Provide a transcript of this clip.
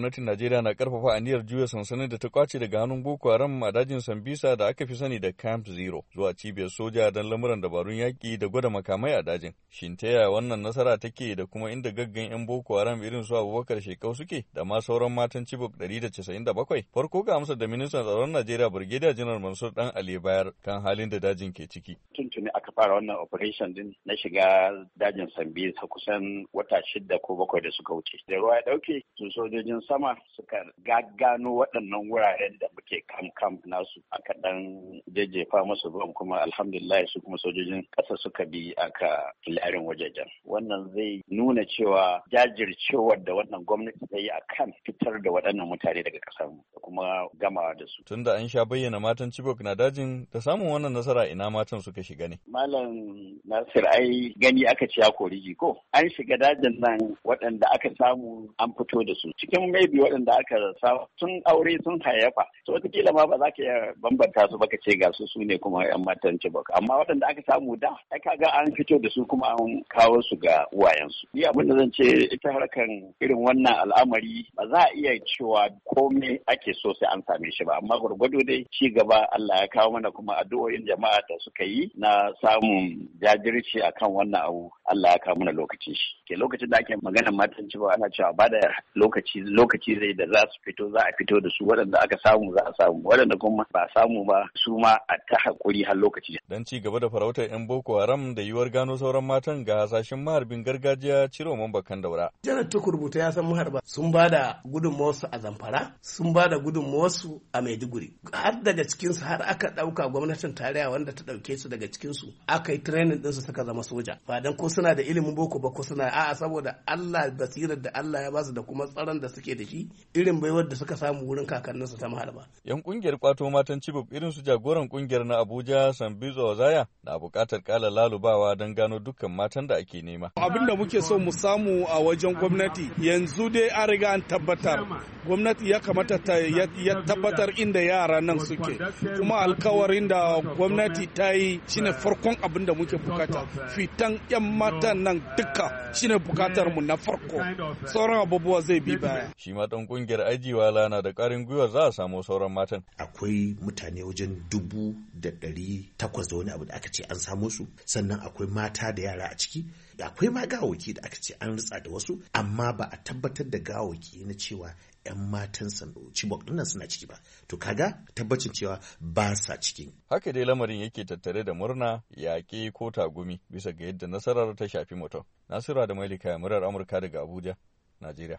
gwamnatin Najeriya na karfafa aniyar juya sansanin da ta kwace daga hannun Boko Haram a dajin Sambisa da aka fi sani da Camp Zero zuwa cibiyar soja don lamuran dabarun yaƙi da gwada makamai a dajin. Shin ta yaya wannan nasara take da kuma inda gaggan 'yan Boko Haram irin su Abubakar Shekau suke da ma sauran matan Chibok 197? Farko ga amsar da ministan tsaron Najeriya Brigadier General Mansur Dan Ali bayar kan halin da dajin ke ciki. Tuntuni aka fara wannan operation din na shiga dajin Sambisa kusan wata shida ko bakwai da suka wuce. Da ruwa ya ɗauke, sojojin sama suka gaggano waɗannan wuraren da muke kam-kam nasu a kaɗan jajjefa masu bom kuma alhamdulillah su kuma sojojin ƙasa suka bi aka larin wajajen. Wannan zai nuna cewa jajircewar da wannan gwamnati ta yi a kan fitar da waɗannan mutane daga ƙasar mu. kuma gamawa da su. Tunda an sha bayyana matan Chibok na dajin da samun wannan nasara ina matan suka shiga ne. Malam Nasir ai gani aka ci koriji ko an shiga dajin nan waɗanda aka samu an fito da su cikin maybe waɗanda aka samu sun aure sun hayafa so kila ma ba za ka iya bambanta su baka ce ga su su ne kuma yan matan Chibok amma waɗanda aka samu da ai ga an fito da su kuma an kawo su ga uwayensu. Ni abin da zan ce ita harkan irin wannan al'amari ba za a iya cewa komai ake so sai an same shi ba amma gwargwado dai ci gaba Allah ya kawo mana kuma addu'o'in jama'a da suka yi na samun jajirci akan wannan abu Allah ya kawo mana lokacin shi ke lokacin da ake magana matan cewa ana cewa ba da lokaci lokaci zai da za su fito za a fito da su waɗanda aka samu za a samu waɗanda kuma ba samu ba su ma a ta hakuri har lokaci dan ci gaba da farautar yan boko haram da yiwar gano sauran matan ga hasashen maharbin gargajiya ciro man bakan daura janar tukurbuta ya san maharba sun ba da gudunmawarsu a zamfara sun ba da wasu a Maiduguri. Har daga cikinsu har aka ɗauka gwamnatin tarayya wanda ta ɗauke su daga cikinsu aka yi training ɗinsu suka zama soja. Ba dan ko suna da ilimin boko ba ko suna a'a saboda Allah basirar da Allah ya basu da kuma tsaron da suke da shi irin baiwar da suka samu wurin kakanninsu ta maharba. Yan kungiyar kwato matan Chibok irin su jagoran kungiyar na Abuja Sambizo Zaya na buƙatar ƙala lalubawa don gano dukkan matan da ake nema. Abin da muke so mu samu a wajen gwamnati yanzu dai an riga an tabbatar gwamnati ya kamata ta ya tabbatar inda yara nan suke kuma alkawarin da gwamnati ta yi shine farkon abin da muke bukata fitan 'yan matan nan duka shine bukatar mu na farko sauran abubuwa zai bi baya shi matan kungiyar ajiwa lana da karin gwiwa za a samu sauran matan akwai mutane wajen dubu da ɗari takwas da wani abu da aka ce an samo su sannan akwai mata da yara a ciki akwai ma gawaki da aka ce an ritsa da wasu amma ba a tabbatar da gawaki na cewa 'yan matan Chibok dinnan suna ciki ba. To kaga tabbacin cewa ba sa ciki. Haka dai lamarin yake tattare da murna, yaƙi ko tagumi bisa ga yadda nasarar ta shafi mutum. Nasira da Mailika murar Amurka daga Abuja, Najeriya.